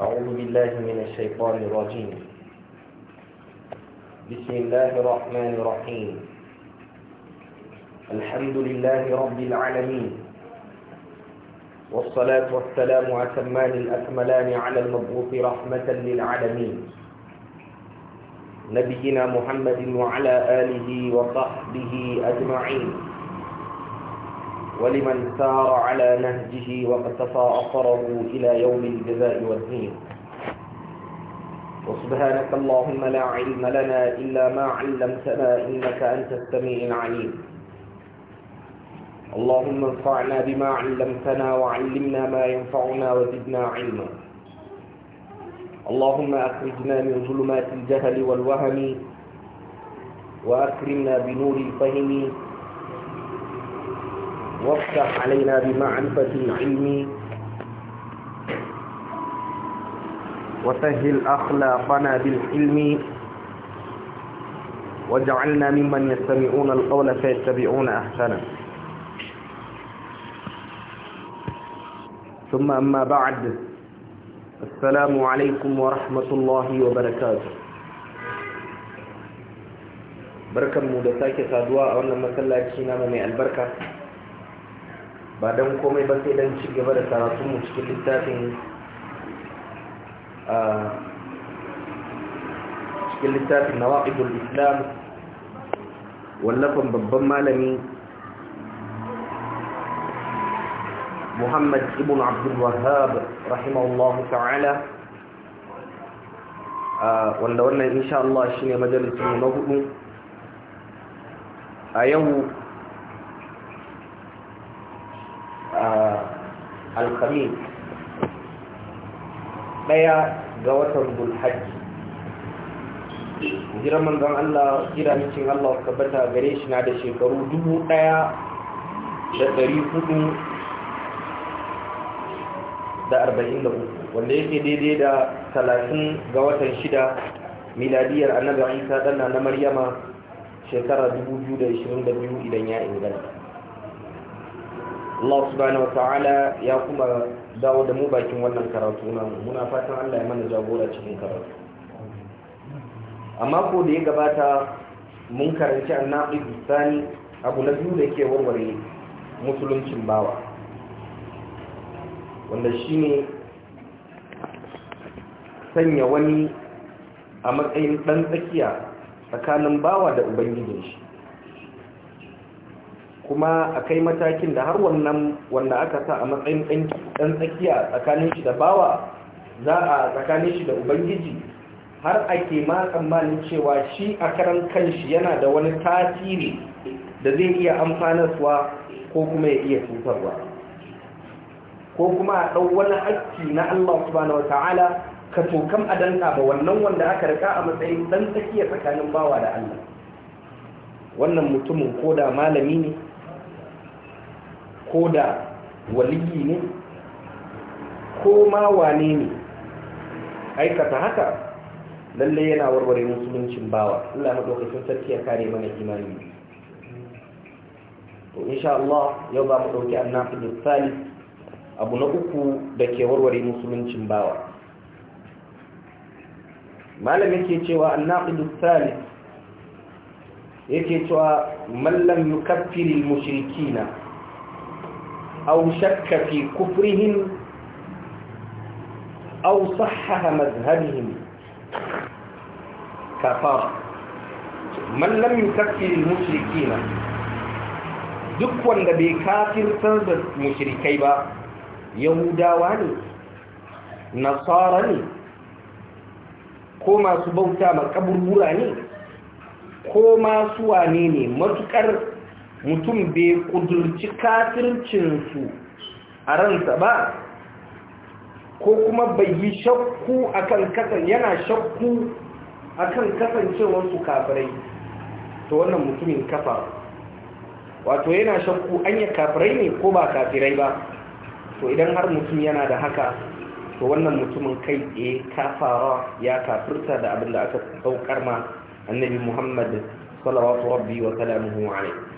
أعوذ بالله من الشيطان الرجيم بسم الله الرحمن الرحيم الحمد لله رب العالمين والصلاة والسلام أتمان الأكملان على المبعوث رحمة للعالمين نبينا محمد وعلى آله وصحبه أجمعين ولمن سار على نهجه واقتفى أثره إلى يوم الجزاء والدين وسبحانك اللهم لا علم لنا إلا ما علمتنا إنك أنت السميع العليم اللهم انفعنا بما علمتنا وعلمنا ما ينفعنا وزدنا علما اللهم أخرجنا من ظلمات الجهل والوهم وأكرمنا بنور الفهم وافتح علينا بمعرفة العلم وسهل أخلاقنا بالحلم واجعلنا ممن يستمعون القول فيتبعون أحسنه ثم أما بعد السلام عليكم ورحمة الله وبركاته بركة مدساكي سادواء وانا مسلاكي نام من البركة ba don komai ba sai don ci gaba da karatunmu cikin littafin a cikin littafin na waƙidul islam wallafan babban malami muhammad ibn abdul wahab rahimahullahu ta'ala wanda wannan insha Allah shine majalisun na hudu a yau alkhamis daya ga watan bulhajji jiran manzan Allah jira mikin Allah tabbata gare shi na da shekaru dubu daya da dari hudu da arba'in da uku wanda yake daidai da talatin ga watan shida miladiyar annabi isa ɗana na maryama shekara dubu biyu da ishirin da biyu idan ya inganta Allah subhanahu wa ta'ala ya kuma dawo da mu bakin wannan karatu na muna fatan Allah ya mana jagora cikin karatu amma ko da ya gabata mun karanci annabi bisani abu na biyu da ke warware musuluncin bawa wanda shine sanya wani a matsayin dan tsakiya tsakanin bawa da ubangijin shi kuma a kai matakin da har wannan wanda aka sa a matsayin ɗan tsakiya tsakanin shi da bawa za a tsakanin shi da ubangiji har ake ma tsammanin cewa shi a karan kanshi yana da wani tasiri da zai iya amfanarwa ko kuma ya iya cutarwa ko kuma a ɗau wani aiki na Allah subhanahu wata'ala ka tokam a danka ba wannan wanda aka rika a matsayin ɗan tsakiya tsakanin bawa da Allah wannan mutumin ko da malami ne ko da waliyi ne ko ma wane ne aikata haka lalle yana warware musuluncin bawa Allah sun sarki ya kare mana imani to insha Allah yau za mu dauki annabi Salih abu na uku da ke warware musuluncin bawa malam yake cewa annabi Salih yake cewa man lam yukaffiril mushrikina أو شك في كفرهم أو صحح مذهبهم كفار من لم يكفر المشركين duk wanda bai kafirtar da mushrikai ba yahudawa ne nasara ne ko masu bauta makaburbura ne ko masu wane ne matukar mutum bai kudurci kafircinsu a ransa ba ko kuma bai yi shakku akan kasan yana shakku akan su kafirai to wannan mutumin kafa wato yana shakku an yi kafirai ne ko ba kafirai ba to idan har mutum yana da haka to wannan mutumin kai tsaye kafara ya kafirta da abin da aka saukar ma annabi muhammad salawatu rabbi wa salamuhu alaihi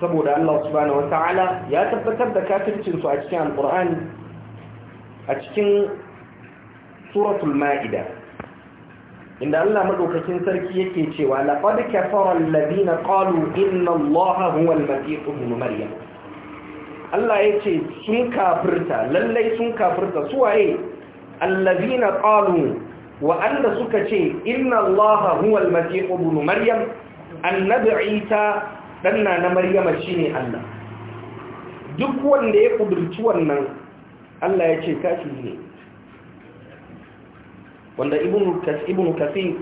saboda Allah subhanahu wata'ala ya tabbatar da kafircinsu a cikin alkur'ani a cikin suratul ma'ida inda Allah madaukakin sarki yake cewa laqad kafara alladhina qalu inna allaha huwa al-masih ibn maryam Allah yace sun kafirta lallai sun kafirta waye alladhina qalu wa anda suka ce inna allaha huwa al-masih ibn maryam annabi isa danna na maryama shine Allah duk wanda ya kudurci wannan Allah ya ce kafiri ne wanda ibnu kas ibnu kasir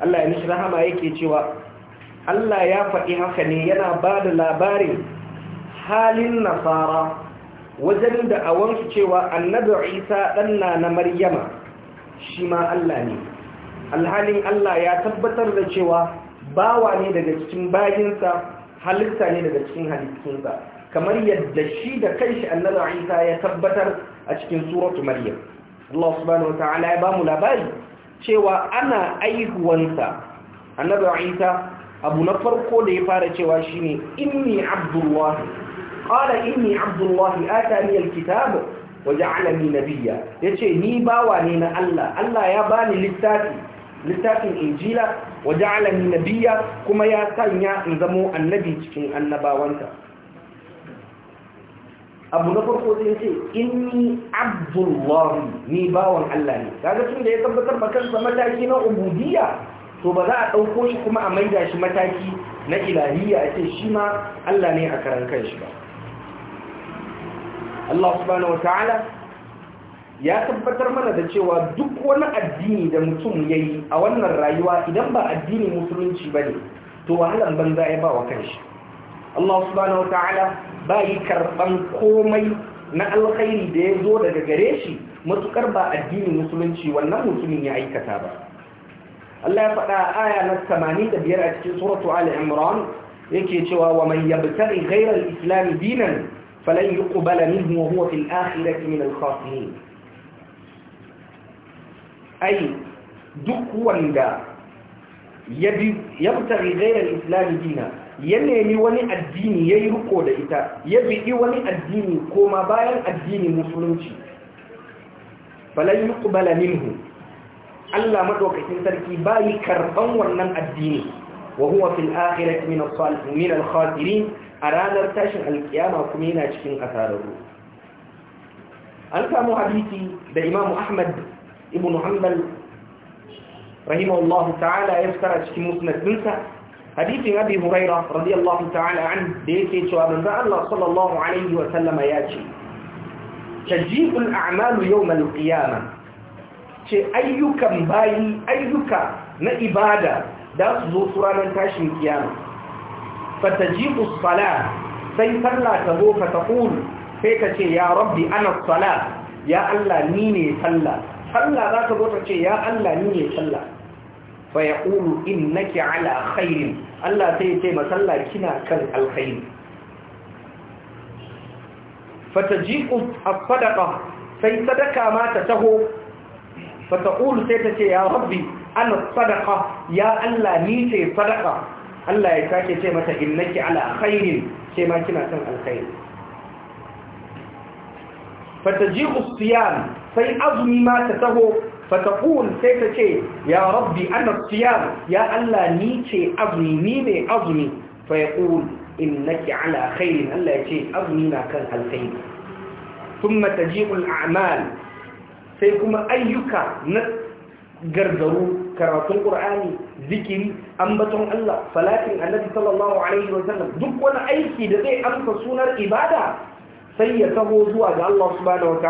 Allah ya mishi rahama yake cewa Allah ya faɗi haka ne yana ba da labarin halin nasara wajen da awansu cewa annabi Isa ɗanna na Maryama shi ma Allah ne alhalin Allah ya tabbatar da cewa bawa ne daga cikin bakinsa halitta ne daga cikin halittunsa kamar yadda shi da kanshi annabi Isa ya tabbatar a cikin suratu Maryam Allah subhanahu wataala ya bamu labari cewa ana aihuwansa annabi Isa abu na farko da ya fara cewa shine inni abdullahi qala inni abdullahi atani alkitab waja'alani nabiyya yace ni bawa ne na Allah Allah ya bani littafi littafin injila wa ja'alani nabiy'a kuma ya sanya in zamo annabi cikin annabawansa abu na farko zai ce inni abdullahi ni bawan Allah ne kaga tun da ya tabbatar ba kansa mataki na ubudiyya to ba za a dauko shi kuma a maida shi mataki na ilahiyya a ce shi ma Allah ne a karan shi ba Allah subhanahu ta'ala. ya tabbatar mana da cewa duk wani addini da mutum ya yi a wannan rayuwa idan ba addini musulunci ba ne to wahalan banza ya ba wa kanshi Allah subhanahu wa ta'ala ba yi karɓan komai na alkhairi da ya zo daga gare shi matukar ba addinin musulunci wannan musulun ya aikata ba Allah ya faɗa aya na 85 a cikin suratu Ali Imran yake cewa wa man yabtaghi ghayra al-islam dinan falan yuqbala minhu wa huwa fil akhirati min al-khasirin ai duk wanda ya fitari gairar islami ya nemi wani addini ya yi riko da ita ya biƙi wani addini ko ma bayan addini musulunci falayi kubala minhu allah maɗaukakin sarki bayi karɓan wannan addini wa huwa fil akhirat min al-khasirin a ranar tashin alƙiyama kuma yana cikin asararru an samo hadisi da Imam ahmad ibn hanbal rahimahullahu ta'ala ya fitar a cikin musnatinsa. dinsa hadithin abi huraira radiyallahu ta'ala an da yake cewa manzo Allah sallallahu alaihi wa sallama ya ce tajibul a'malu yawm al-qiyamah ce ayyukan bayi ayyuka na ibada da su zo su ranar tashin kiyama fatajibu sala sai sallah ta zo ka taqul sai ka ce ya rabbi ana sala ya Allah ni ne sallah Salla za ka zo ta ce ya Allah ni ne sallah fa in nake ala khairin Allah sai ya ce ma sallah kina kan alkhairi fatajiku a sadaqa sai sadaka ma ta taho fataqulu sai ta ce ya rabbi ana sadaqa ya Allah ni ce sadaqa Allah ya sake ce mata innaki ala khairin ce ma kina kan alkhairi Fata as-siyam sai azumi ma ta taho fataƙun sai ta ce ya rabbi ana siyar ya Allah ni ce azumi ni ne azumi fa ya ƙun in nake ala Allah ya ce azumi na kan alkhairi sun mata ji'ul amal sai kuma ayyuka na gargaru karatun ƙur'ani zikiri ambaton Allah falafin annabi sallallahu Alaihi wasallam duk wani aiki da zai amsa sunar ibada sai ya taho zuwa ga Allah subhanahu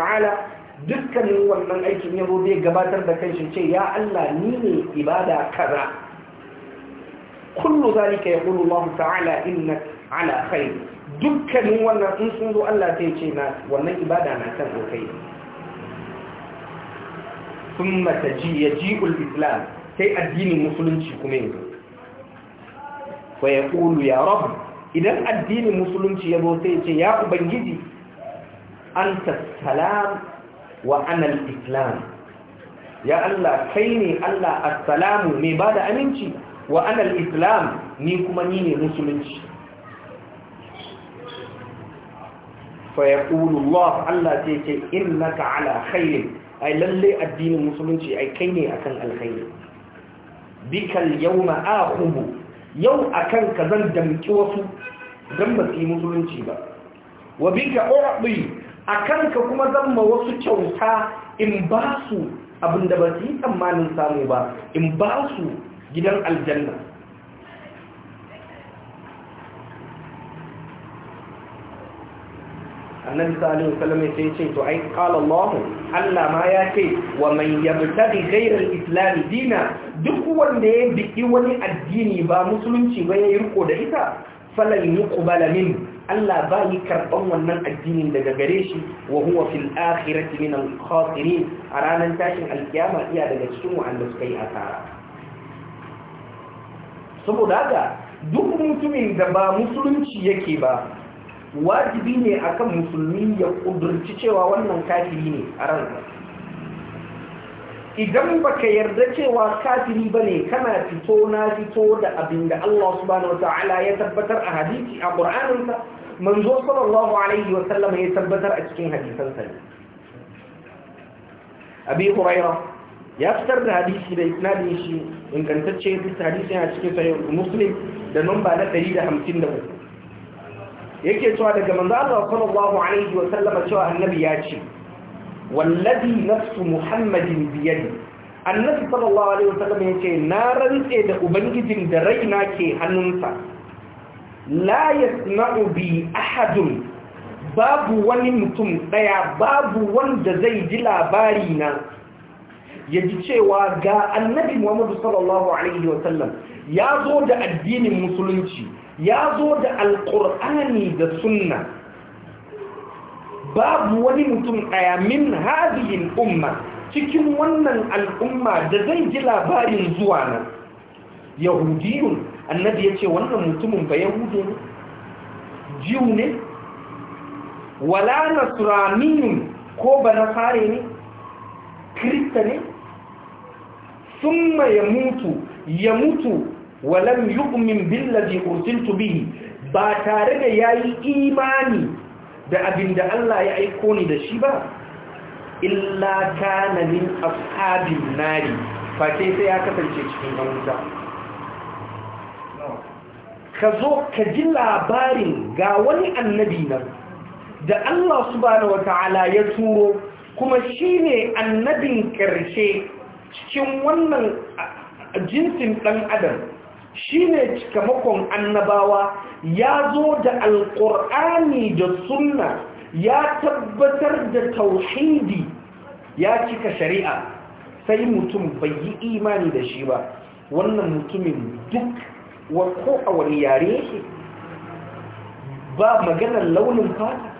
dukkanin wannan aikin yabo zai gabatar da kanshi ce ya Allah ni ne ibada kaza kullu zalika yaqulu Allah ta'ala innaka ala khair dukkanin wannan in sun zo Allah sai ce na wannan ibada na kan alkhairi thumma taji yaji'ul islam sai addinin musulunci kuma yanzu fa yaqulu ya rabb idan addinin musulunci ya zo sai ce ya ubangiji anta salam wa anal islam ya Allah kai ne Allah assalamu mai ba da aminci wa anal islam ni kuma ni ne musulunci fa Allah ce ce innaka ala khairin ai lalle addinin musulunci ai kai ne akan alkhairi bikal yawma akhubu yau akan ka zan damki wasu dan ba su yi musulunci ba wa bika urdi a kanka kuma zan ma wasu kyauta in ba su abin da ba su yi tsammanin samu ba in ba su gidan aljanna annabi sallallahu alaihi wasallam sai ce to ai qala Allah Allah ma ya ce wa mai yabtaghi ghayra al-islam dina duk wanda ya biki wani addini ba musulunci ba ya yi riko da ita falan yuqbala min Allah ba yi karɓan wannan addinin daga gare shi wa huwa fil akhirati min al a ranar tashin alkiyama iya daga cikin wa'anda suka yi asara saboda haka duk mutumin da ba musulunci yake ba wajibi ne akan musulmi ya kudurci cewa wannan kafiri ne a ransa idan baka yarda cewa kafiri bane kana fito na fito da abinda Allah subhanahu wataala ya tabbatar a hadisi a Qur'aninsa manzo sallallahu alaihi sallam ya tabbatar a cikin hadisansa ne Abi Hurairah ya fitar da hadisi da isnadin shi ingantacce ya fitar hadisi a cikin sahih Muslim da namba na 153 yake cewa daga manzo Allah sallallahu alaihi sallam cewa annabi ya ce wallazi nafsu muhammadin biyadi annabi sallallahu alaihi wasallam yace na rantse da ubangijin da raina ke hannunsa la yasma'u bi ahadun babu wani mutum daya babu wanda zai ji labari na yaji cewa ga annabi Muhammadu sallallahu alaihi wasallam ya da addinin musulunci ya zo da alqur'ani da sunna babu wani mutum a min hadihin umma cikin wannan al'umma da zai ji labarin zuwa nan yahudiyun annabi ya ce wannan mutumin ba yahudu ne jiw ne wala nasuraniyun ko ba na fare ne kirista ne sun ya mutu ya mutu walam yu'min billazi ursiltu bihi ba tare da yayi imani da abin da Allah ya aiko ni da shi ba illa kana min ashabin nari fa sai ya kasance cikin wuta ka zo ka ji labarin ga wani annabi nan da Allah subhanahu wata'ala ya turo kuma shine annabin ƙarshe cikin wannan jinsin ɗan adam ne cikamakon annabawa ya zo da alƙur'ani da sunna ya tabbatar da tauhidi ya cika shari'a sai mutum bai yi imani da shi ba wannan mutumin duk ko a wani yare shi ba maganar launin fata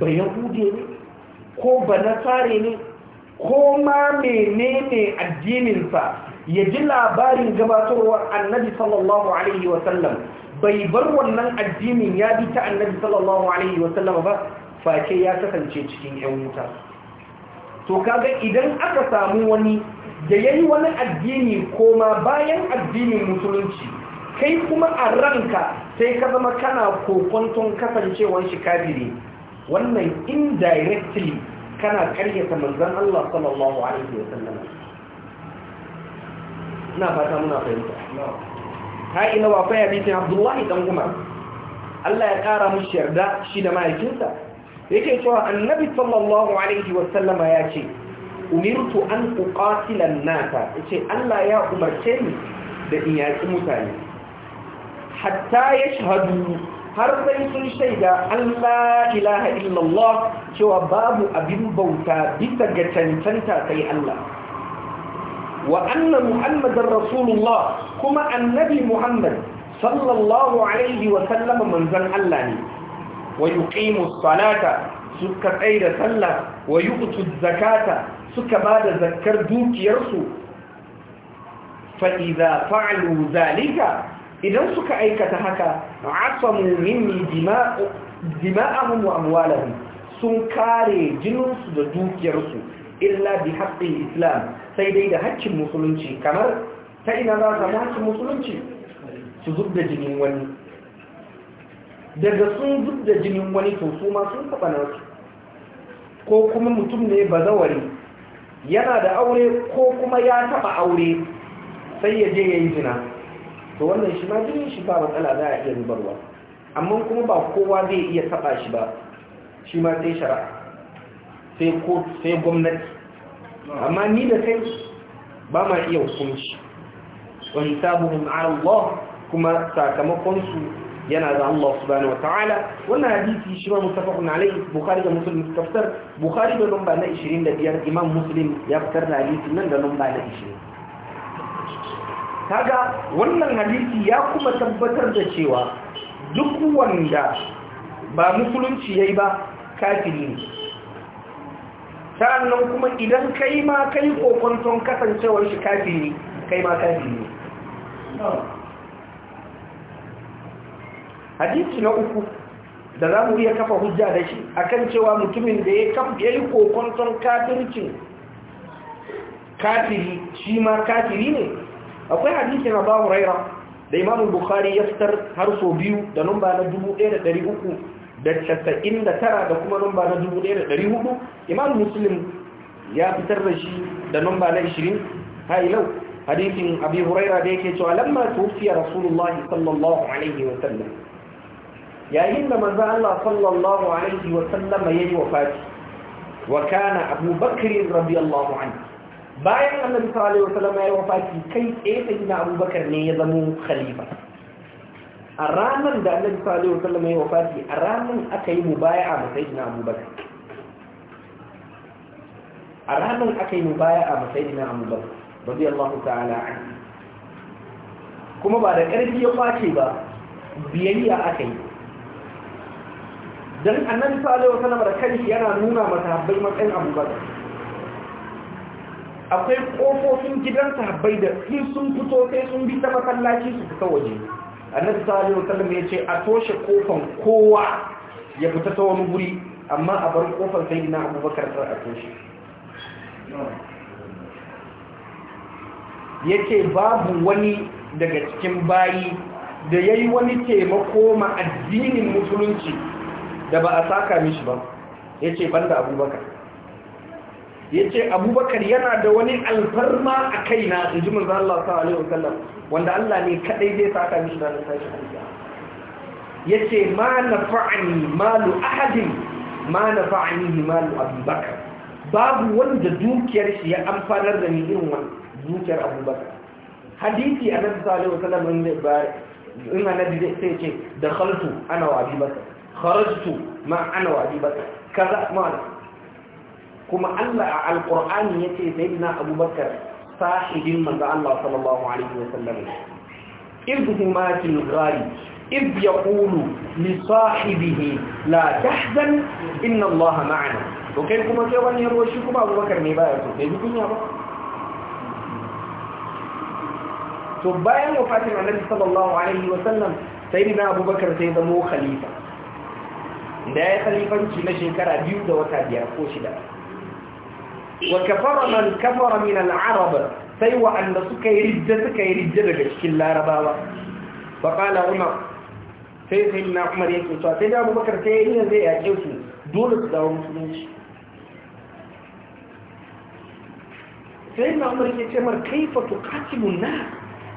ba yahude ne ko ba nasare ne ko ma menene addininsa ya ji labarin gabatarwar annabi sallallahu alaihi wasallam bai bar wannan addinin ya bi ta annabi sallallahu alaihi wasallam ba fake ya kasance cikin yan wuta to kaga idan aka samu wani da yayi wani addini koma bayan addinin musulunci kai kuma a ranka sai ka zama kana kokonton kasancewar shi kafiri wannan indirectly kana karyata manzon Allah sallallahu alaihi wasallam ina fata muna fahimta ha ina wa fa yabi Abdullahi dan Umar Allah ya kara mushi yarda shi da mahaifinsa yake cewa annabi sallallahu alaihi wa sallam ya ce umirtu an uqatila an-nasa yace Allah ya umarce ni da in yaki mutane hatta yashhadu har sai sun shaida Allah ilaha illallah cewa babu abin bauta bisa ga cancanta sai Allah wa anna muhammadar kuma annabi muhammad sallallahu alaihi wa sallama manzan Allah ne wa yuqimu salata suka tsaye da sallah wa yu'tu zakata suka bada zakkar dukiyarsu fa idza fa'alu zalika idan suka aikata haka asamu minni dima'u dima'ahum sun kare jininsu da dukiyarsu illa bi haƙƙin islam sai dai da haƙƙin musulunci kamar ta ina za ka haƙƙin musulunci su zub da jinin wani daga sun zub da jinin wani to su ma sun taɓa su ko kuma mutum ne bazawari yana da aure ko kuma ya taɓa aure sai ya je ya yi jina to wannan shi ma jinin shi ba matsala za a iya zubarwa amma kuma ba kowa zai iya taɓa shi ba shi ma sai shara'a sai kotu sai gwamnati amma ni da kai ba ma iya hukunci wani sabuhun Allah kuma sakamakonsu yana da Allah subhanahu wa ta'ala wannan hadisi shi ma mutafakun alai bukhari da muslim suka fitar bukhari da lamba na 25 imam muslim ya fitar da hadisi nan da lamba na 20 kaga wannan hadisi ya kuma tabbatar da cewa duk wanda ba musulunci yayi ba kafiri ne sa'annan kuma idan kai ma kai kokonton kasancewar shi ka kai ma ne. hadisi na uku da za mu iya kafa hujja da shi akan cewa mutumin da ya yi kokonton kafircin kafiri shi ma kafiri ne akwai hadisi na mu raira da imamun bukhari ya fitar har so biyu da numba na da uku. da casa'in da tara da kuma numba na dubu ɗaya da ɗari hudu imam muslim ya fitar da shi da numba na ishirin ha ilau hadithin abi huraira da yake cewa lamma tufiya rasulullahi sallallahu alaihi wa sallam yayin da manzo Allah sallallahu alaihi wa sallam yayi wafati wa kana Abu Bakr radiyallahu anhu bayan Annabi sallallahu alaihi wa sallam yayi wafati kai tsaye sai na Abu ne ya zama khalifa a ranar da annabi sallallahu alaihi wasallam ya wafati a ranar aka yi mubaya'a ma sayyidina abubakar a ranar aka yi mubaya'a ma sayyidina abubakar radiyallahu ta'ala anhu kuma ba da ƙarfi ya kwace ba biyayya aka yi dan annabi sallallahu alaihi wasallam da kanshi yana nuna masahabbai matsayin abubakar akwai kofofin gidan sahabbai da sun fito sai sun bi ta masallaci su fita waje annabi sallallahu alaihi wasallam ya ce a toshe kofan kowa ya fita ta wani guri amma a bar kofar sayyidina abubakar sai a toshe yace babu wani daga cikin bayi da yayi wani taimako ma addinin musulunci da ba a saka mishi ba yace banda abubakar ya ce abubakar yana da wani alfarma a kaina in ji manzan Allah sa alaihi wasallam wanda Allah ne kadai zai saka mishi da sashi alfiya ya ce ma na fa'ani malu ahadin ma na fa'ani malu abubakar babu wanda dukiyar shi ya amfanar da ni irin wani dukiyar abubakar hadisi a nabi sa alaihi wasallam in zai bayar in annabi zai sai ce da khaltu ana wa abubakar kharajtu ma ana wa abubakar kaza ma'ana kuma Allah a alqur'ani yace sayyidina abubakar sahibin manzo Allah sallallahu alaihi wasallam irbuhuma fil ghari إذ يقول لصاحبه لا تحزن إن الله معنا وكان كما كيوان يروشي كما أبو بكر نبايا سوكي بكم يا بكر تبايا وفاة النبي صلى الله عليه وسلم سيدنا أبو بكر سيدمو خليفة da ya khalifanci na shekara biyu da wata biyar ko shida wa kafara man kafara min al-arab sai wa'anda suka yi rijja suka yi rijja daga cikin larabawa fa sai sai na umar yake cewa sai da abubakar sai yin zai yake su dole sai na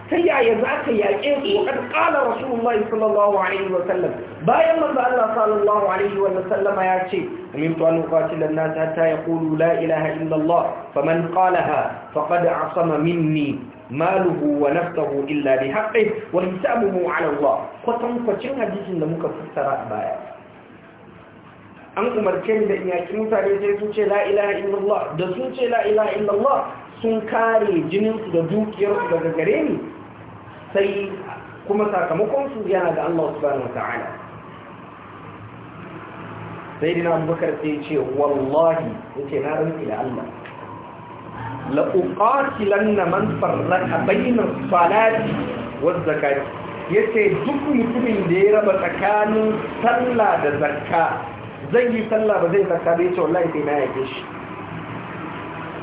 ta yaya za ka yaƙe su wa kan ƙala rasulullahi sallallahu alaihi wa sallam bayan manzo Allah sallallahu alaihi wa sallama ya ce amin to an qatila an-nas hatta yaqulu la ilaha illa Allah faman qalaha faqad asama minni maluhu wa nafsuhu illa bi haqqihi wa hisabuhu ala Allah kwatan kwacin hadisin da muka fassara baya an umarce da in yaƙi mutane sai sun ce la ilaha illallah da sun ce la ilaha illallah sun kare jininsu da dukiyarsu daga gare ni sai kuma sakamakon su yana da Allah subhanahu wata'ala sai dina abubakar sai ce wallahi yace na rantsi da Allah la uqatilanna man farraqa bayna salati waz zakati yace duk mutumin da ya raba tsakanin sallah da zakka Zan yi sallah ba zai zakka ba yace wallahi sai na yake shi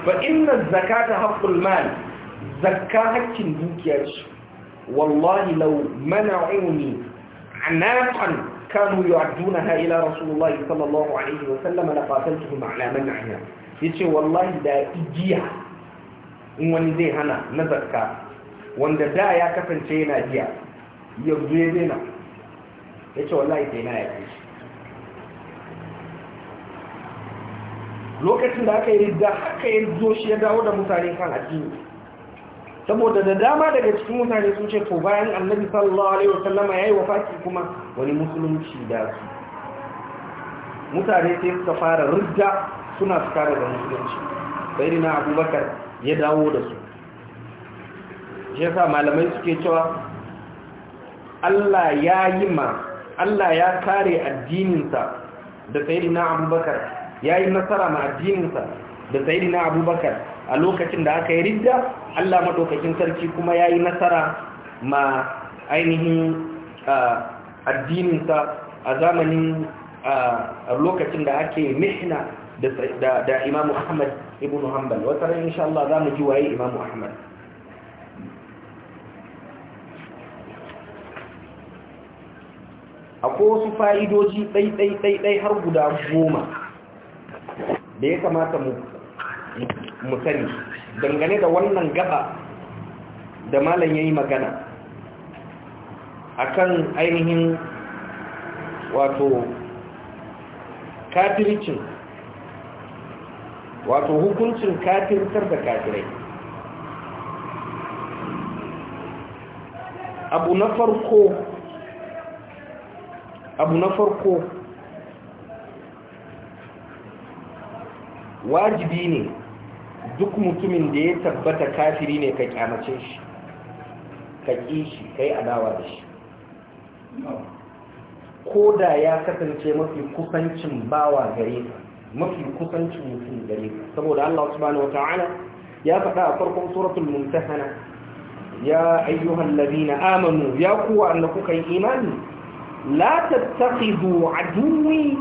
fa inna zakata haqqul mal zakka haƙƙin dukiyar shi wallahi law mana'uni anaqan kanu yu'addunaha ila rasulullahi sallallahu alaihi wa sallam la qataltuhum ala man'iha yace wallahi da igiya in wani zai hana na wanda da ya kasance yana jiya yanzu ya daina yace wallahi sai na yake lokacin da aka yi ridda haka ya zo ya dawo da mutane kan addini saboda da dama daga cikin mutane sun ce to bayan annabi sallallahu alaihi wasallam yayi wafati kuma wani musulunci da su mutane sai suka fara rudda suna suka da musulunci sai na abubakar ya dawo da su Je sa malamai suke cewa Allah ya yi ma Allah ya kare addininsa da sayyidina abubakar ya yi nasara ma addininsa da sayyidina abubakar a lokacin da aka yi ridda Allah madaukakin sarki kuma ya yi nasara ma ainihin addininsa a zamanin a lokacin da ake mihna da Imam Ahmad ibn Hanbal wata rai insha Allah mu ji waye Imam Ahmad akwai wasu fa'idoji ɗai-ɗai-ɗai har guda goma da ya kamata mu mu dangane da wannan gaba da malam ya yi magana akan ainihin wato katircin wato hukuncin kafirtar da katirai abu na farko abu na farko wajibi ne duk mutumin da ya tabbata kafiri ne ka kyamace shi ka ƙi shi ka yi adawa da shi ko da ya kasance mafi kusancin bawa gare ka mafi kusancin mutum gare ka saboda Allah subhanahu wata'ala ya faɗa a farkon suratul mumtahana ya ayyuhan ladina amanu ya kuwa na kuka yi imani la tattakhidhu aduwwi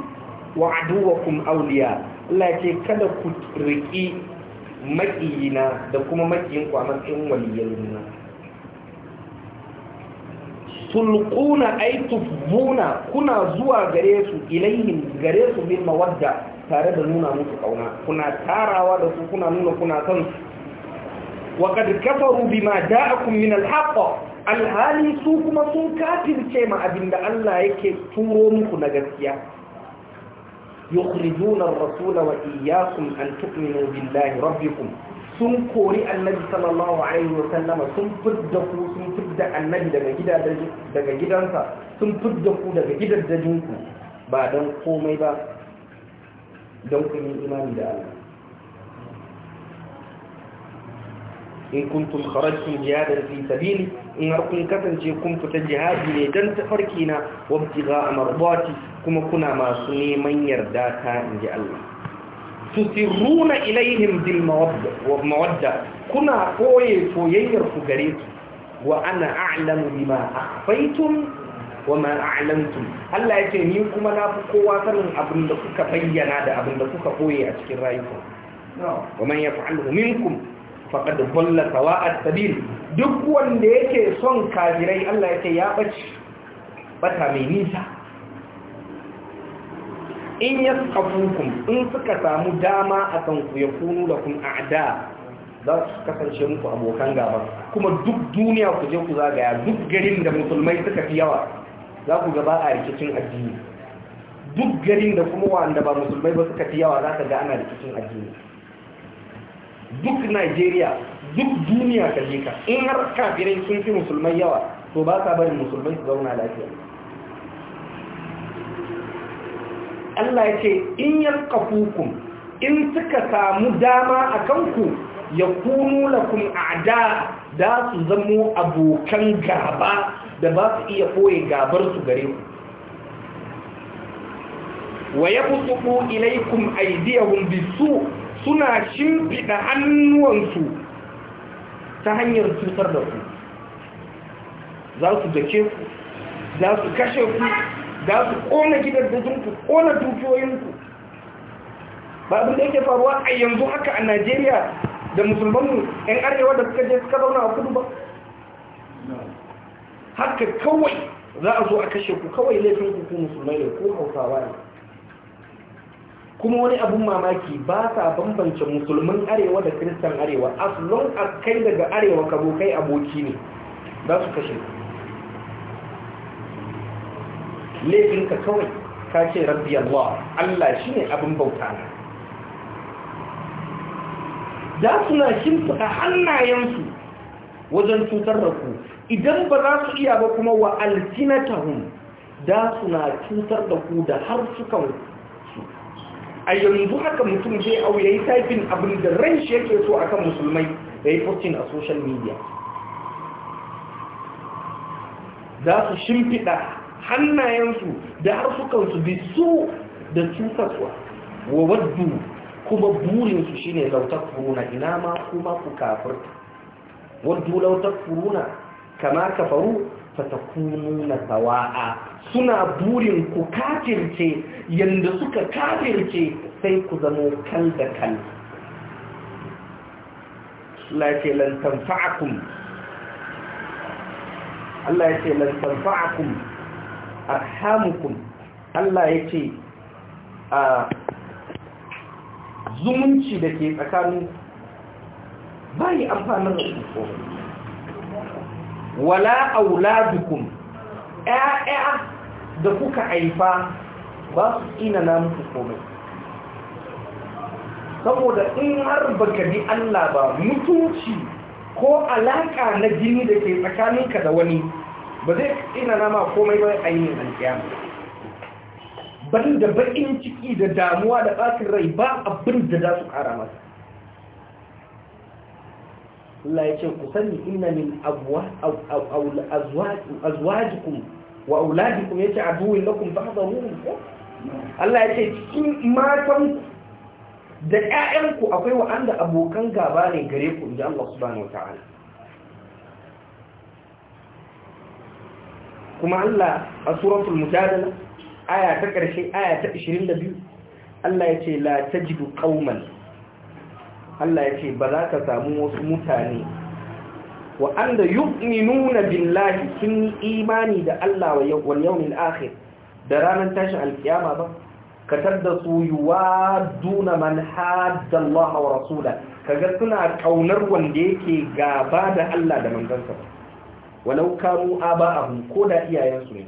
wa aduwwakum awliya Allah ya ce kada ku riki maƙiyina da kuma maƙiyin a matsayin waliyyarina tulquna ay kuna zuwa gare su ilayhim gare su min mawadda tare da nuna musu kauna kuna tarawa da su kuna nuna kuna su. wa qad kafaru bima ja'akum min al-haqq alhali su kuma sun kafirce ma abinda Allah yake turo muku na gaskiya يخرجون الرسول وإياكم أن تؤمنوا بالله ربكم sun kori annabi sallallahu alaihi wasallam sun fidda ku sun fidda annabi daga gidansa sun fidda ku daga gidajenku ba don komai ba don kun yi imani da Allah in kuntum kharajtum jihadan fi sabili in har kun kasance kun fita jihadi ne don tafarki na wabtiga marbati kuma kuna masu neman yarda ta inji Allah na ilaihim bil mawadda kuna koye soyayyar ku gare su wa ana a'lamu bima akhfaytum wa ma a'lantum Allah yace ni kuma na fi kowa sanin abin da kuka bayyana da abin da kuka koye a cikin rayuwa wa man yaf'alhu minkum faqad dhalla sawa'at sabil duk wanda yake son kafirai Allah yake ya bace bata mai nisa in yaskafukum in suka samu dama a kan ku da kun a'da za su kasance muku abokan gaba kuma duk duniya ku je ku zagaya duk garin da musulmai suka fi yawa za ku gaba a rikicin addini duk garin da kuma wanda ba musulmai ba suka fi yawa za ka ga ana rikicin addini duk Najeriya duk duniya ka je ka in har kafirai sun fi musulmai yawa to ba sa barin musulmai su zauna lafiya Allah ya ce in yaqafukum in suka samu dama a kanku ya kunu lakum a'da da su zamo abokan gaba da ba su iya koye gabar su gare ku wa yabsutu ilaykum aydiyahum bisu suna shimfiɗa hannuwansu ta hanyar cutar da ku za su dake ku za su kashe ku za su ƙona gidajenku ƙona dukiyoyinku ba abin da yake faruwa a yanzu haka a najeriya da musulmanmu 'yan arewa da suka je suka zauna a kudu ba haka kawai za a zo a kashe ku kawai laifin ku musulmai ne ko hausawa ne kuma wani abun mamaki ba sa bambance musulmin arewa da kiristan arewa as long as kai daga arewa ka kai aboki ne za su kashe ka kawai ka ce rabbi Allah Allah shi ne abin bauta na za su na a hannayensu wajen cutar da ku idan ba za su iya ba kuma wa altinatahum da suna cutar da ku da harsukan a yanzu haka mutum zai au ya yi taifin abin da ran shi yake so a kan musulmai ya yi posting a social media za su shimfiɗa hannayensu da harsukansu bi su da cutarwa wa waddu kuma burinsu shi ne lautar furuna ina ma kuma ku kafirta waddu lautar furuna kama kafaru fata kununa tawa'a suna burin ku kafirce yadda suka kafirce sai ku zamo kal da kal Allah ya ce fa'akun Allah ya ce lantan fa'akun arhamukun Allah ya ce a zumunci da ke tsakanin bayi amfanin rasu wala auladukum ƴaƴa da kuka haifa ba su ina na muku komai saboda in har baka bi Allah ba mutunci ko alaka na jini da ke tsakaninka da wani ba zai ina na ma komai ba yi alkiyama ban da baƙin ciki da damuwa da ɓakin rai ba abin da za su ƙara masa Allah ya ce ku sani ina min azwajikum wa auladikum yace aduwwin lakum fahdharuhum Allah ya ce cikin matan da ƴaƴanku akwai wa'anda abokan gaba ne gare ku inda Allah subhanahu wataala kuma Allah a suratul mujadala aya ta ƙarshe aya ta 22 Allah ya ce la tajidu qauman Allah ya ce ba za ka samu wasu mutane wa'anda yu'minuna billahi sun yi imani da Allah wa yawmin akhir da ranar tashin alkiyama ba katar da su yuwaduna man hadda Allah wa rasula kaga suna ƙaunar wanda yake gaba da Allah da manzansa walau kanu aba'ahum ko da iyayensu ne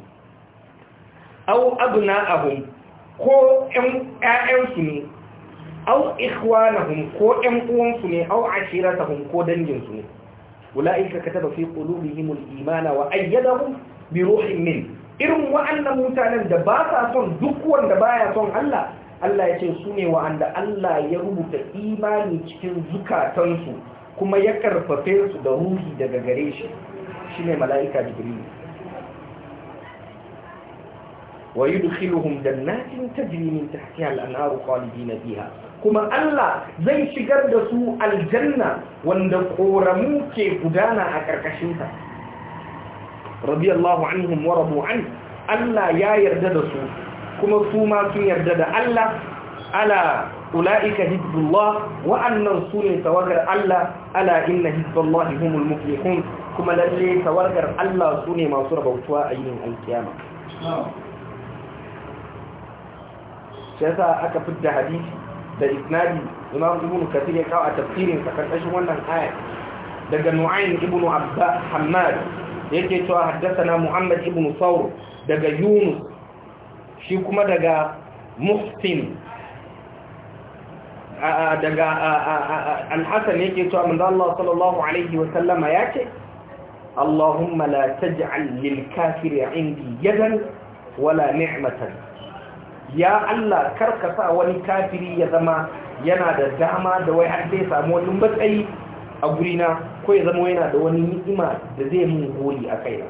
aw abna'ahum ko 'ya'yansu ne aw ikhwanahum ko ƴan uwansu ne aw ashiratahum ko danginsu ne ulaika kataba fi qulubihim al-imana wa ayyadahum bi ruhin min irin wa'annan mutanen da basa son duk wanda baya son Allah Allah ya ce su wa'anda Allah ya rubuta imani cikin zukatansu kuma ya karfafe su da ruhi daga gare shi shine mala'ika jibril ويدخلهم جنات تجري من تحتها الأنهار خالدين فيها kuma Allah zai shigar da su aljanna wanda koramu ke gudana a ƙarƙashinta radiyallahu anhum wa rabu an Allah ya yarda da su kuma su ma sun yarda da Allah ala ula'ika hizbullah wa'annan su ne tawagar Allah ala inna hizballahi humul muflihun kuma lalle tawagar Allah su ne masu rabautuwa a yin alkiyama sai sa aka fidda hadisi da isnadi imam ibn kathir ya kawo a tafsirin sa karkashin wannan aya daga nu'ayn ibn abba hammad yake cewa haddathana muhammad ibn thawr daga yunus shi kuma daga muhsin daga al-hasan yake cewa manzo Allah sallallahu alaihi wa Sallam yace Allahumma la taj'al lil kafiri indi yadan wala ni'matan ya Allah sa wani kafiri ya zama yana da dama da wai har sai samu wani matsayi a gurina ko ya zama yana da wani ni'ima da zai mun goli a kaina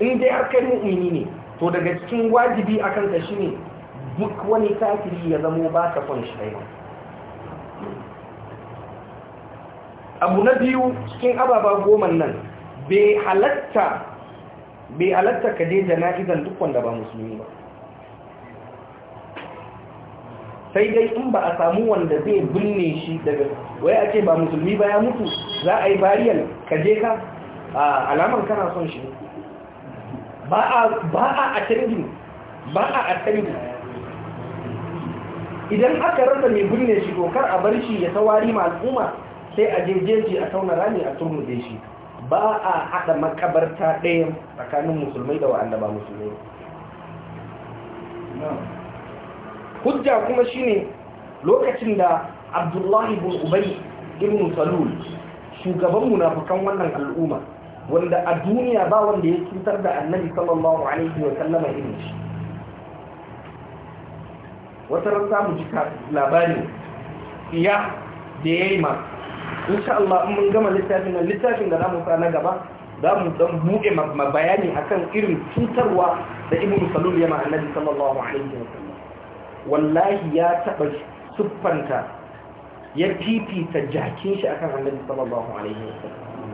in dai har kai mu'mini ne to daga cikin wajibi akan ka shine duk wani kafiri ya zama ba ka kwan shi abu na biyu cikin ababa goma nan bai halatta bai halatta ka je jana'izan duk wanda ba musulmi ba sai dai in ba a samu wanda zai binne shi daga wai a ce ba musulmi ba ya mutu za a yi bariyar ka je ka A alamar kana son shi ba a attending ba a idan aka rasa mai binne shi dokar a bar shi ya tawari ma al'umma sai a jejeji a tauna ne a turmude shi ba a haɗa makabarta ɗaya tsakanin musulmai da wa'anda ba musulmai hujja kuma shine lokacin da abdullahi bin ubai ibn salul shugaban munafukan wannan al'umma wanda a duniya ba wanda ya cutar da annabi sallallahu alaihi wa sallama irin shi wata ran mu ji labari iya da ya yi masu insha Allah mun gama littafin nan littafin da za mu sa na gaba za mu dan buɗe bayani akan irin cutarwa da ibn salul ya annabi sallallahu alaihi wasallam wallahi ya taba siffanta ya fifita jakin shi akan annabi sallallahu alaihi sallam.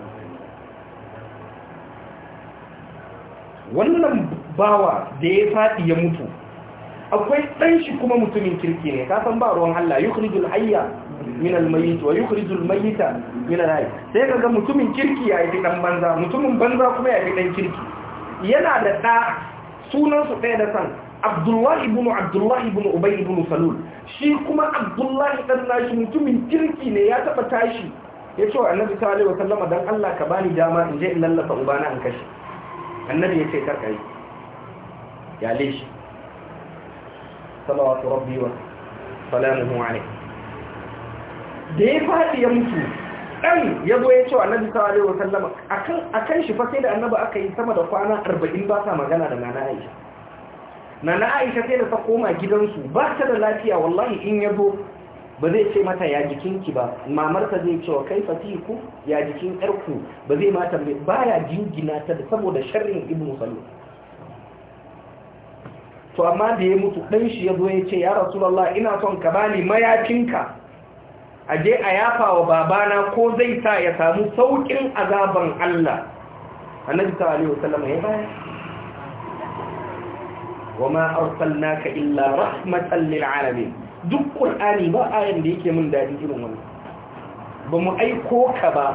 wannan bawa da ya faɗi ya mutu akwai ɗan shi kuma mutumin kirki ne kasan ba ruwan Allah yukhrijul hayya min almayyit wa yukhrijul mayyita min alhayy sai kaga mutumin kirki ya yi dan banza mutumin banza kuma ya yi dan kirki yana da da sunan su ɗaya da san Abdullahi ibn Abdullahi ibn Ubay ibn Salul shi kuma Abdullahi dan nashi mutumin kirki ne ya taba tashi ya ce wa annabi sallallahu alaihi wasallam dan Allah ka bani dama in je in lallafa ubana an kashi annabi ya ce karkai ya lishi salawatu rabbi wa salamuhu alaihi da ya faɗi ya mutu ɗan ya zo ya ce wa annabi sallallahu alaihi wasallam akan akan shi fa sai da annabi aka yi sama da kwana arba'in ba sa magana da nana Aisha nana Aisha sai da ta koma gidansu ba ta da lafiya wallahi in ya zo ba zai ce mata ya jikinki ba mamarta zai ce wa, kai fatiku ya jikin yarku ba zai mata ba ya jingina ta saboda sharrin ibnu to amma da ya mutu dan shi ya zo ya ce ya rasulullah ina son ka bani mayakinka a je a yafa wa babana ko zai sa ya samu saukin azaban Allah annabi sallallahu alaihi wasallam ya bayar wama arsalnaka illa rahmatan lil alamin duk qur'ani ba ayan da yake mun dadi irin wannan ba mu aiko ka ba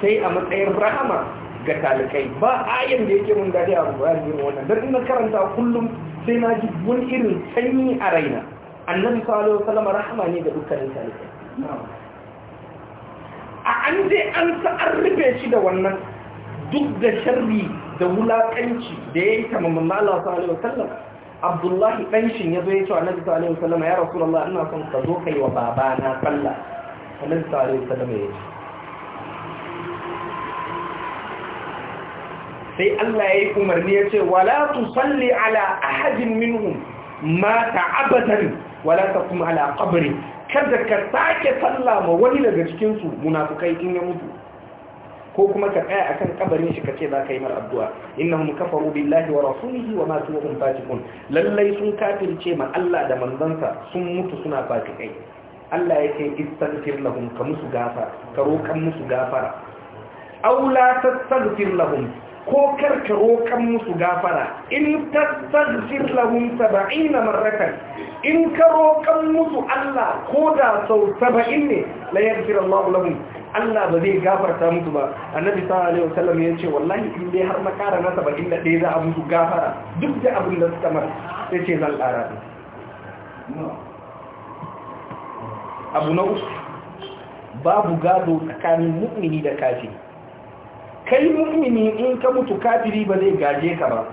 sai a matsayin rahama ga talakai. ba ayan da yake mun dadi a qur'ani irin wannan dan ina karanta kullum sai na ji wani irin sanyi a raina annabi sallallahu alaihi wasallam rahama ne ga dukkanin talakai. a an je an sa'ar rufe shi da wannan duk da sharri da wulakanci da ya yi ta mamman Allah sallallahu alaihi Abdullahi Ɗanshin ya zo ya ce Annabi sallallahu alaihi wasallam ya Allah, ina son ka zo ka yi wa babana sallah Annabi sallallahu alaihi wasallam ya ce sai Allah ya yi umarni ya ce wala tusalli ala ahadin minhum mata abadan wala kuma ala qabri kada ka sake sallah ma wani daga cikinsu munafukai in ya mutu ko kuma ka tsaya akan kabarin shi kace za ka yi mar addu'a innahum kafaru billahi wa rasulihi wa matu wa hum fasiqun lallai sun ce ma Allah da manzansa sun mutu suna fatikai Allah yake istaghfir lahum ka musu gafara ka rokan musu gafara aw la tastaghfir lahum ko kar ka rokan musu gafara in tastaghfir lahum 70 marratan in ka roƙon musu Allah ko da sau saba'in ne na yadda firar lahum Allah ba zai gafarta musu ba annabi sallallahu alaihi wasallam ya ce wallahi in dai har na ƙara na saba'in da ɗaya za a musu gafara duk da abin da suka mara, sai ce zan ƙara abu na uku babu gado tsakanin mu'mini da kafiri kai mu'mini in ka mutu kafiri ba zai gaje ka ba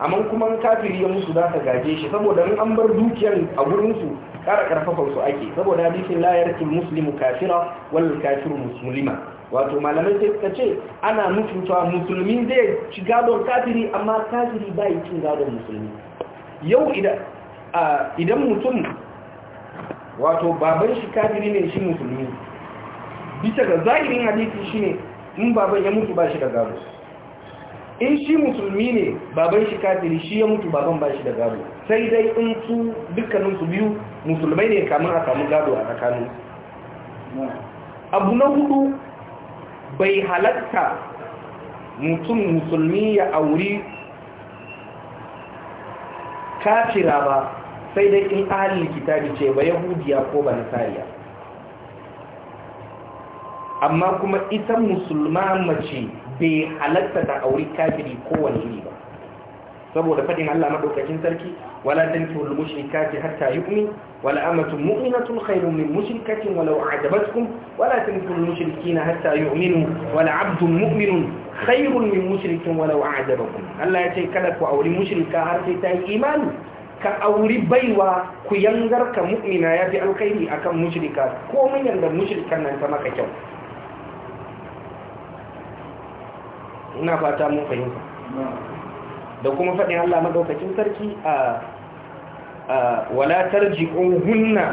amma kuma kafiri ya musu za ka gaje shi saboda in an bar dukiyar a gurinsu kara karfafa su ake saboda hadisin la yarki muslimu kafira wal kafiru muslima wato malamai sai suka ce ana nufin cewa musulmi zai ci gadon kafiri amma kafiri bai cin gadon musulmi yau idan idan mutum wato baban shi kafiri ne shi musulmi bisa ga zahirin hadisi shine in baban ya mutu ba shi da gado in shi musulmi ne baban shi kafiri shi ya mutu baban ba shi da gado sai dai in su dukkanin su biyu musulmai ne kamun a samu gado a tsakanin abu na hudu bai halatta mutum musulmi ya auri kafira ba sai dai in ahalin kitabi ce ba yahudiya ko ba nasariya amma kuma ita musulma mace bai halatta da auri kafiri kowane iri ba saboda faɗin Allah madaukakin sarki wala tankihul mushrikati hatta yu'min wala amatun mu'minatun khairun min mushrikatin walau a'jabatkum wala tankihul mushrikina hatta yu'minu wala 'abdun mu'minun khairun min mushrikin walau a'jabakum Allah ya ce kada ku auri mushrika har sai ta yi imani ka auri baiwa ku yangar ka mu'mina yafi alkhairi akan mushrika ko mun yanga mushrikan nan ta maka kyau ina fata mun fahimta da kuma faɗin Allah madaukakin sarki a wala tarji'uhunna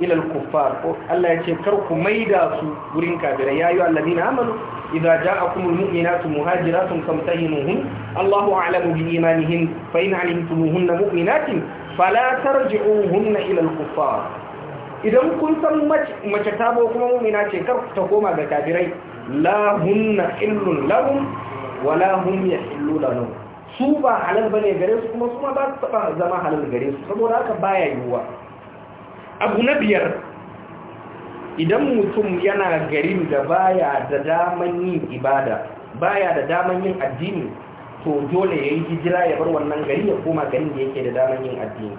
ila ilal kuffar ko Allah ya ce kar ku maida su gurin kafirai ya yi allazina amanu idza ja'akumul mu'minatu muhajiratun famtahinuhun Allahu a'lamu bi imanihin fa in 'alimtumuhunna mu'minatin fala tarji'uhunna ila al-kuffar idan kun san mace ta bo kuma mu'mina ce kar ta koma ga kafirai la hunna illun lahum wala hum yahilluna lahu su ba halal bane gare su kuma su ma ba su taba zama halal gare su saboda haka baya yiwuwa abu na biyar idan mutum yana garin da baya da daman yin ibada baya da daman yin addini to dole yayi hijira ya bar wannan gari ya koma garin da yake da daman yin addini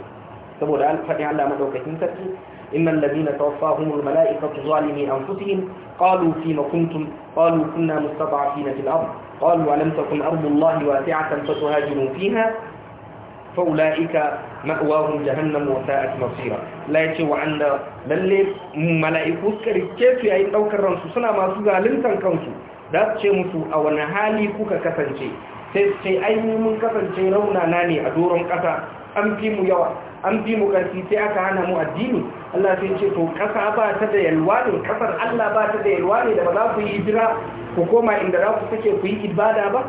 saboda alfadi Allah madaukakin sarki إن الذين توفاهم الملائكة ظالمي أنفسهم قالوا فيما كنتم قالوا كنا مستضعفين في الأرض قال ولم تكن أرض الله واسعة فتهاجروا فيها فأولئك مأواهم جهنم وساءت مصيرا لا يتي وعند للي ملائكو كيف يأي أو كرنسو سنة ما سوزا لنسان كنسو ذات شيء مسو أو نهالي كوكا كسنشي sai ce ai mun kasance raunana ne a doron ƙasa an fi mu yawa an fi mu ƙarfi sai aka hana mu addini Allah sai ce to ƙasa ba ta da yalwa ne ƙasar Allah ba ta da yalwa ne da ba za ku yi hijira ku koma inda za ku sake ku yi ibada ba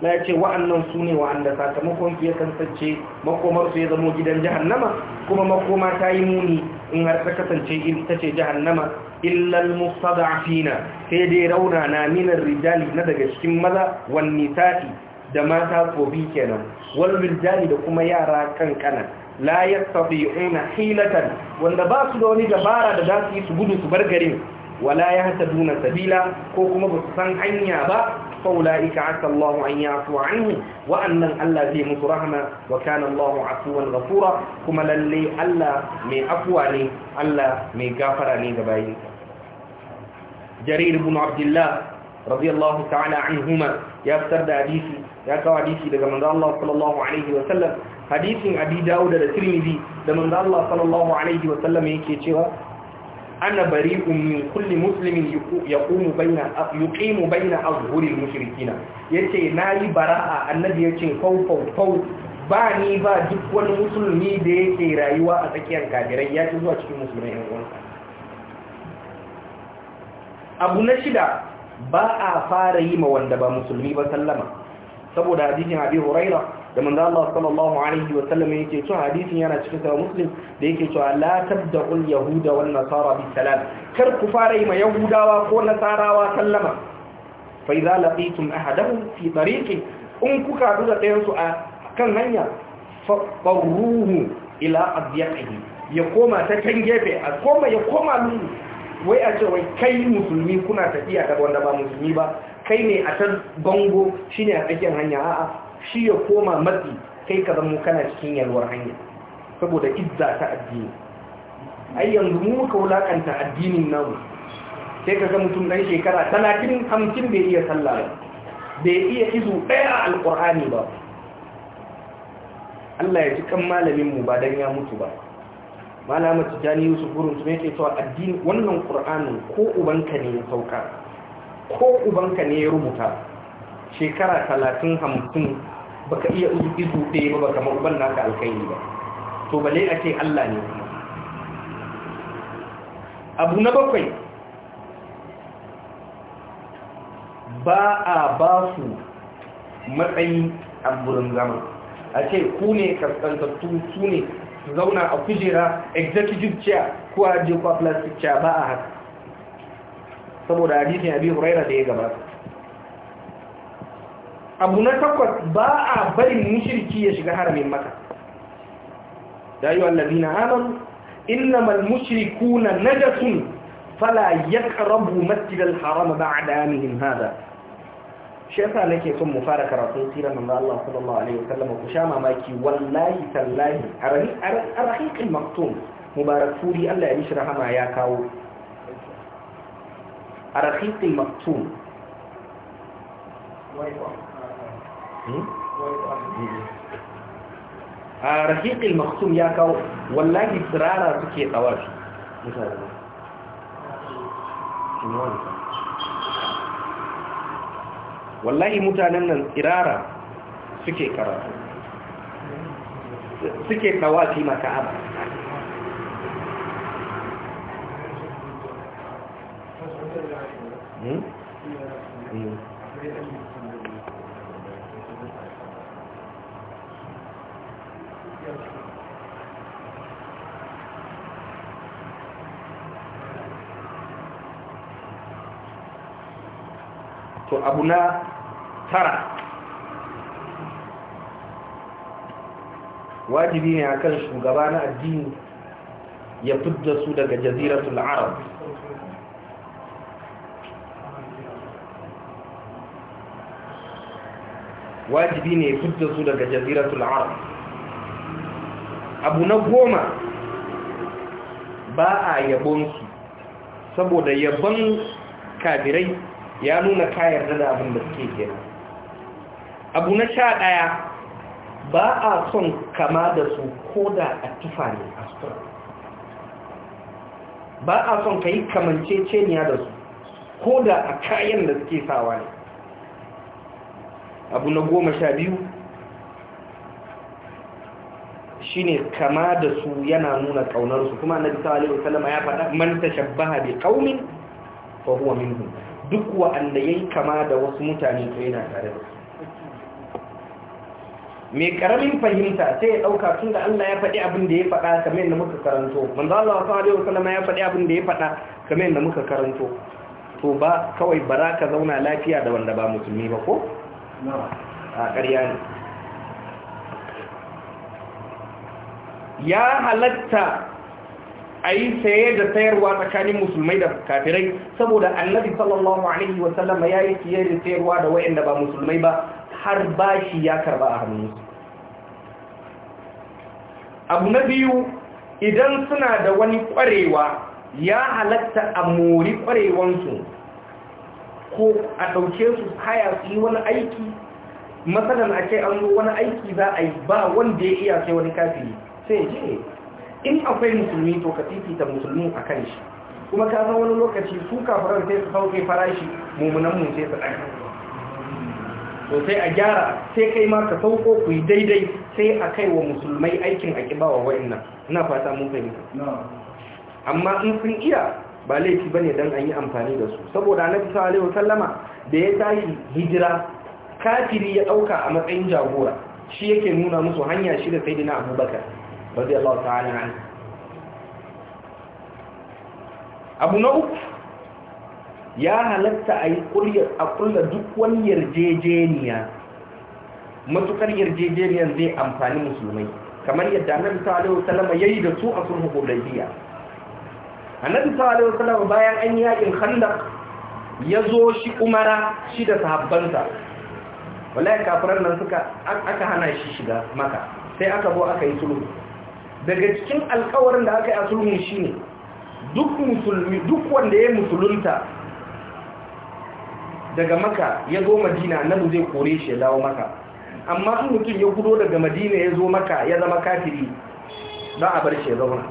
na ce wa'annan su ne wa'anda sakamakon su ya kasance makomar su ya zamo gidan jahannama kuma makoma ta yi muni in har ta kasance ita ce jahannama illal mustada'afina sai dai raunana minar rijali na daga cikin maza wan nisa'i da mata tsofi kenan wal wirjani da kuma yara kankana la yastati'una hilatan wanda ba su da wani dabara da za su yi su gudu su bar garin wala duna sabila ko kuma ba su san hanya ba faulaika aka Allah an yafu anhu wa annan Allah zai musu rahama wa kana allahu afuwan ghafura kuma lalle Allah mai afuwa ne Allah mai gafara ne ga bayinsa Jarir ibn Abdullah radiyallahu ta'ala anhuma ya fitar da hadisi ya kawo hadisi daga manzo Allah sallallahu alaihi wa sallam hadisin Abi Dawud da Tirmidhi da manzo Allah sallallahu alaihi wa sallam yake cewa ana bari'un min kulli muslimin yaqumu baina yuqimu baina azhuril mushrikina yace nayi bara'a annabi yace fau fau fau ba ni ba duk wani musulmi da yake rayuwa a tsakiyar kafirai ya ci zuwa cikin musulmai yan uwansa abu na shida ba a fara yi ma wanda ba musulmi ba sallama saboda hadisin abi huraira da manzo Allah sallallahu alaihi wa sallam yake cewa hadisin yana cikin sahih muslim da yake cewa la tabda'ul yahuda wan nasara bi salam kar ku fara yi ma yahudawa ko nasarawa sallama fa idza laqitum ahadahum fi tariqin in kuka haɗu da ɗayan su a kan hanya faɓaruhu ila abiyaƙi ya koma ta kan gefe a koma ya koma lulu wai a ce wai kai musulmi kuna tafiya ta wanda ba musulmi ba kai ne a can bango shine a tsakiyar hanya a'a shi ya koma matsi kai ka zama kana cikin yalwar hanya saboda izza ta addini ai yanzu mu ka wulakanta addinin namu sai ka ga mutum dan shekara talatin hamsin bai iya sallah ba bai iya izu ɗaya a alƙur'ani ba Allah ya ji kan malamin mu ba dan ya mutu ba malama tijani yusuf gurin su ne ke cewa addini wannan ƙur'anin ko ubanka ne ya sauka ko ubanka ne ya rubuta shekara talatin hamsin baka iya izu ɗaya ba baka uban naka alkaini ba to bale a ce allah ne abu na bakwai ba a ba su matsayi a burin zama a ce ku ne kaskantattu su ne zauna a kujera executive chair ko a je kwa plastic chair ba a haka saboda hadisin abi huraira da ya gabata abu na takwas ba a barin mushriki ya shiga haramin maka da yi ina amanu innamal na najasun fala yaqrabu masjidal harama ba'da amihim hada shi yasa nake son mu fara karatun sirar manzo Allah sallallahu alaihi wasallam ku sha mamaki wallahi tallahi arahi arahiqil maktum mubarak furi Allah ya mishi rahama ya kawo arahiqil maktum hmm? arahiqil maktum ya kawo wallahi sirara suke tsawar mutane wallahi mutanen nan tsirara suke karatu suke tawafi maka'aba hmm? hmm. to abu na tara wajibi ne akan shugaba na addini ya fidda su daga jaziratul arab wajibi ne ya fidda su daga jaziratul arab abu na goma ba a yabonsu saboda yabon kabirai ya nuna kayar da abin da suke kenan abu na sha ɗaya ba a son kama da su ko da a tufa ne a sutura ba a son ka yi kamanceceniya da su ko da a kayan da suke sawa ne abu na goma sha biyu shi ne kama da su yana nuna ƙaunarsu kuma bi sawa alaihi wasallam ya faɗa man tashabbaha bi qaumin fahuwa min minhum duk ya yi kama da wasu mutane ko yana tare da su mai karamin fahimta sai ya dauka da Allah ya faɗi abin da ya faɗa kamar yadda muka karanto manzo Allah sallallahu alaihi wasallam ya faɗi abin da ya faɗa kamar yadda muka karanto to ba kawai bara ka zauna lafiya da wanda ba musulmi ba ko a ƙarya ne ya halatta a yi saye da sayarwa tsakanin musulmai da kafirai saboda annabi sallallahu alaihi wasallam ya yi siye da sayarwa da wa'anda ba musulmai ba har bashi ya karba a hannunsu abu na biyu idan suna da wani kwarewa ya halatta a mori kwarewansu ko a ɗauke su haya su yi wani aiki matsalan a ce an zo wani aiki za a yi ba wanda ya iya sai wani kafiri sai je in akwai musulmi to ka fifita musulmi a kan shi kuma ka zo wani lokaci su kafaran sai su sauke farashi mummunan mun sai su ɗaga to sai a gyara sai kai ma ka sauko ku daidai sai a kai wa musulmai aikin a kibawa wa'annan ina fata mun fahimta amma in sun iya ba laifi ba ne don an yi amfani da su saboda na sallallahu alaihi sallama da ya tashi hijira kafiri ya ɗauka a matsayin jagora shi yake nuna musu hanya shi da sayyidina abubakar radiyallahu ta'ala abu na uku ya halatta a yi kulla duk wani yarjejeniya matukar yarjejeniyar zai amfani musulmai kamar yadda annabi sallallahu alaihi wasallam yayi da su a sulhu hudaybiya annabi sallallahu alaihi wasallam bayan an yi yakin khandaq zo shi umara shi da sahabbansa wallahi kafiran nan suka aka hana shi shiga maka sai aka zo aka yi sulhu daga cikin alƙawarin da aka yi a sulhu shine duk musulmi duk wanda ya musulunta daga maka ya zo madina annabi zai kore shi ya dawo maka amma in mutum ya gudo daga madina ya zo maka ya zama kafiri ba a bar shi ya zauna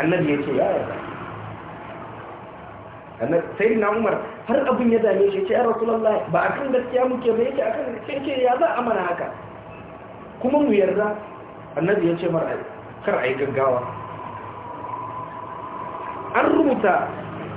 annabi ya ce ya yarda sai na umar har abin ya dame shi ce ya rasulallah ba a kan gaskiya muke ba yake a kan gaskiya ya za a mana haka kuma mu yarda annabi ya ce mara kar a yi gaggawa an rubuta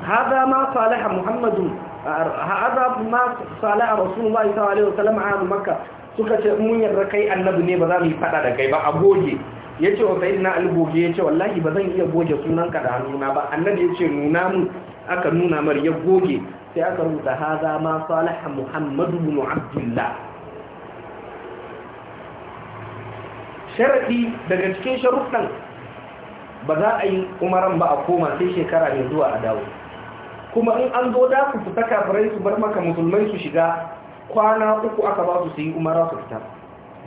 haza ma salaha muhammadu azab ma sala rasulullahi sallallahu alaihi wasallam a makka suka ce mun yarda kai annabi ne ba za mu yi fada da kai ba a goge yace wa sayyidina al-goge yace wallahi ba zan iya goge sunanka da hannuna ba annabi yace nuna mu aka nuna mar ya goge sai aka rubuta hada ma salih muhammadu ibn abdullah sharadi daga cikin sharuɗan ba za a yi umaran ba a koma sai shekara mai zuwa a dawo kuma in an zo da ku fita kafirai su bar maka musulmai su shiga kwana uku aka ba su su yi umara su fita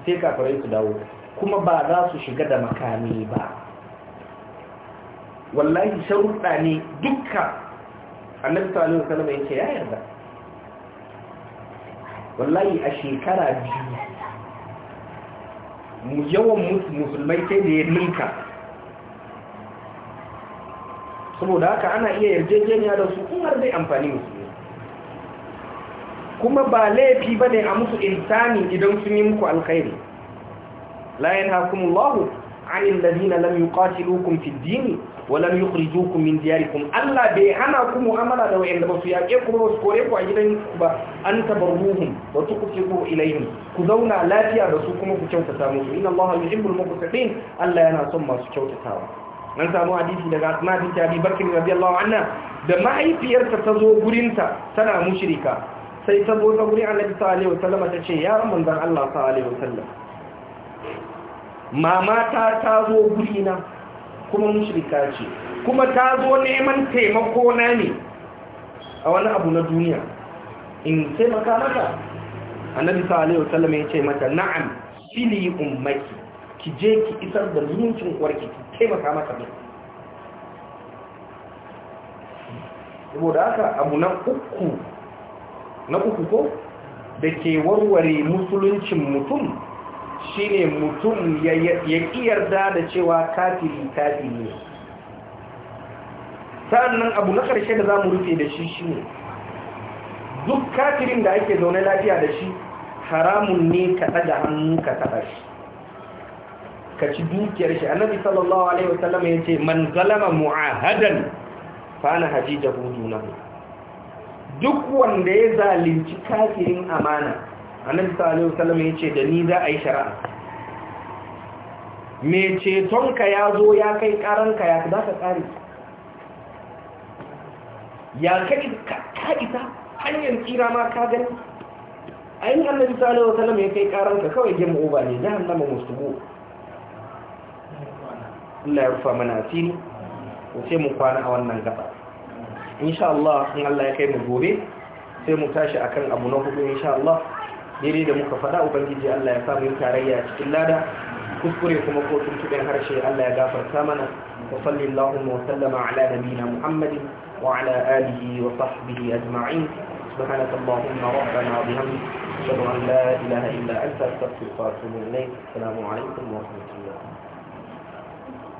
sai kafirai su dawo kuma ba za su shiga da makami ba wallahi sharuɗa ne dukka annabi sallallahu alaihi wasallam yake ya yarda wallahi a shekara biyu yawan musulmai sai da ya ninka saboda haka ana iya yarjejeniya da su kumar zai amfani musulmi kuma ba laifi ba ne a musu insani idan sun yi muku alkhairi la yanhakumullahu anil ladina lam yuqatilukum fid din wa lam yukhrijukum min diyarikum Allah bai hana ku mu'amala da wayanda ba su yaƙe ku ba su kore ku a gidan ba an tabarruhum wa tuqsitu ilayhim ku zauna lafiya da su kuma ku kyautata musu inna Allah yuhibbul muqsitin Allah yana son masu kyautatawa an samu hadisi daga asma bin tabi bakir radiyallahu anha da mahaifiyarta ta zo gurinta tana mushrika sai ta zo ta gurin annabi sallallahu alaihi wasallam ta ce ya manzon Allah sallallahu alaihi wasallam mama ta ta zo na kuma mushrika ce kuma ta zo neman taimako na ne a wani abu na duniya in taimaka maka annabi sallallahu alaihi wasallam ya ce mata na'am fili ummaki ki je ki isar da zumuncin uwarki ki taimaka mata ne saboda haka abu na uku na uku ko da ke warware musuluncin mutum shine mutum ya yarda da cewa kafiri kafiri ne sa'annan abu na ƙarshe da za mu rufe da shi shi ne duk kafirin da ake zaune lafiya da shi haramun ne ka ɗaga hannu ka taɓa shi ka ci dukiyar shi annabi sallallahu alaihi wasallam ya ce man zalama mu'ahadan fa ana hajija hudunahu duk wanda ya zalunci kafirin amana annabi sallallahu alaihi wasallam ya ce da ni za a yi shari'a me ceton ka ya zo ya kai karan ka ya za ka kare ya kai ka isa hanyar tsira ma ka gani ayin annabi sallallahu alaihi wasallam ya kai karan ka kawai game over ne jahannama musubu Allah ya rufa mana asiri sai mu kwana a wannan gaba insha Allah in Allah ya kai mu gobe sai mu tashi akan abu na hudu insha Allah daidai da muka faɗa ubangiji Allah ya sa mu tarayya cikin lada kuskure kuma ko tuntuɓen harshe Allah ya gafarta mana wa sallallahu wa sallama ala nabiyina muhammad wa ala alihi wa sahbihi ajma'in subhanaka allahumma rabbana wa bihamdika ashhadu an la ilaha illa anta astaghfiruka wa atubu ilayk assalamu alaykum wa rahmatullahi